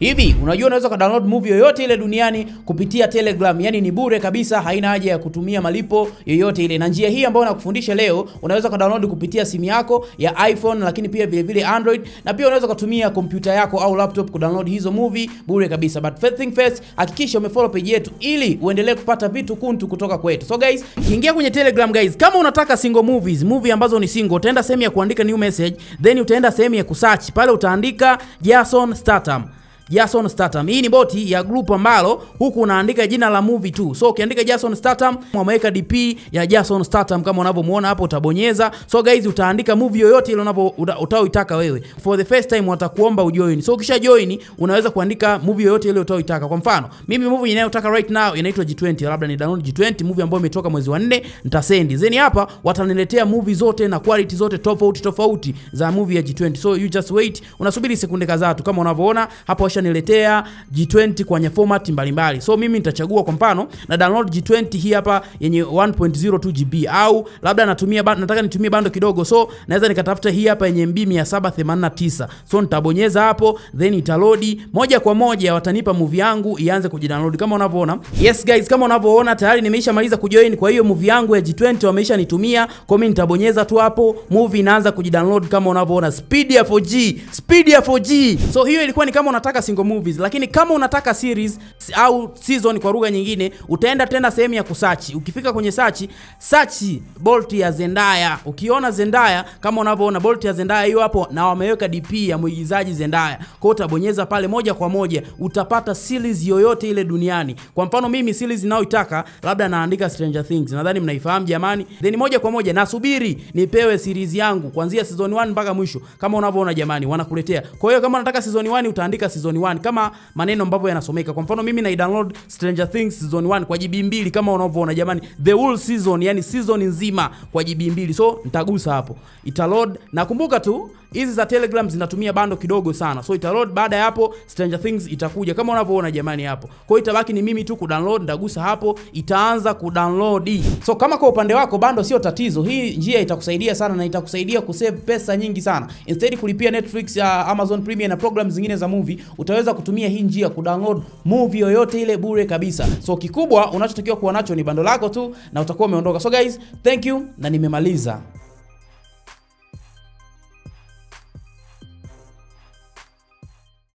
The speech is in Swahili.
Hivi unajua unaweza ka download movie yoyote ile duniani kupitia Telegram, yani ni bure kabisa, haina haja ya kutumia malipo yoyote ile. Na njia hii ambayo nakufundisha leo unaweza ka download kupitia simu yako ya iPhone, lakini pia vile vile Android, na pia unaweza kutumia kompyuta yako au laptop ku download hizo movie bure kabisa. But first thing first, hakikisha umefollow page yetu ili uendelee kupata vitu kuntu kutoka kwetu. So guys, ingia kwenye Telegram guys, kama unataka single movies, movie ambazo ni single, utaenda sehemu ya kuandika new message, then utaenda sehemu ya kusearch pale, utaandika Jason Statham Jason Statham. Hii ni boti ya group ambalo huku unaandika jina la movie tu. So ukiandika Jason Statham, wameweka DP ya Jason Statham kama unavyomuona hapo utabonyeza. So guys, utaandika movie yoyote ile unavyo utaoitaka wewe. For the first time watakuomba ujoin. So ukisha join unaweza kuandika movie yoyote ile utaoitaka. Kwa mfano, mimi movie ninayotaka right now inaitwa G20, labda ni download G20 movie ambayo imetoka mwezi wa 4, nitasend. Then hapa wataniletea movie zote na quality zote tofauti tofauti za movie ya G20. So you just wait. Unasubiri sekunde kadhaa tu kama unavyoona hapo wameshaniletea G20 kwenye format mbalimbali. So mimi nitachagua kwa mfano na download G20 hii hapa yenye 1.02 GB au labda natumia ba, nataka nitumie bando kidogo. So naweza nikatafuta hii hapa yenye MB 789. So nitabonyeza hapo then italodi moja kwa moja watanipa movie yangu ianze kujidownload kama unavyoona. Yes guys, kama unavyoona tayari nimeishamaliza kujoin, kwa hiyo movie yangu ya G20 wameisha nitumia. Kwa mimi nitabonyeza tu hapo movie inaanza kujidownload kama unavyoona. Speed ya 4G, speed ya 4G. So hiyo ilikuwa ni kama unataka single movies, lakini kama unataka series au season kwa lugha nyingine, utaenda tena sehemu ya kusachi. Ukifika kwenye sachi, sachi Bolt ya Zendaya. Ukiona Zendaya kama unavyoona Bolt ya Zendaya hiyo hapo, na wameweka DP ya mwigizaji Zendaya, kwa utabonyeza pale moja kwa moja utapata series yoyote ile duniani. Kwa mfano mimi series ninayoitaka labda naandika Stranger Things, nadhani mnaifahamu jamani, then moja kwa moja nasubiri nipewe series yangu kuanzia season 1 mpaka mwisho, kama unavyoona jamani, wanakuletea. Kwa hiyo kama unataka season 1 utaandika season season 1 kama maneno ambavyo yanasomeka. Kwa mfano mimi na download Stranger Things season 1 kwa GB mbili kama unavyoona jamani, the whole season, yani season nzima kwa GB mbili. So nitagusa hapo, ita load. Nakumbuka tu hizi za Telegram zinatumia bando kidogo sana, so ita load. Baada ya hapo Stranger Things itakuja kama unavyoona jamani hapo. Kwa hiyo itabaki ni mimi tu ku download, nitagusa hapo, itaanza ku download. So kama kwa upande wako bando sio tatizo, hii njia itakusaidia sana na itakusaidia kusave pesa nyingi sana. Instead kulipia Netflix, uh, Amazon Premium na programs zingine za movie utaweza kutumia hii njia download movie yoyote ile bure kabisa. So kikubwa unachotakiwa kuwa nacho ni bando lako tu na utakuwa umeondoka. So guys, thank you na nimemaliza.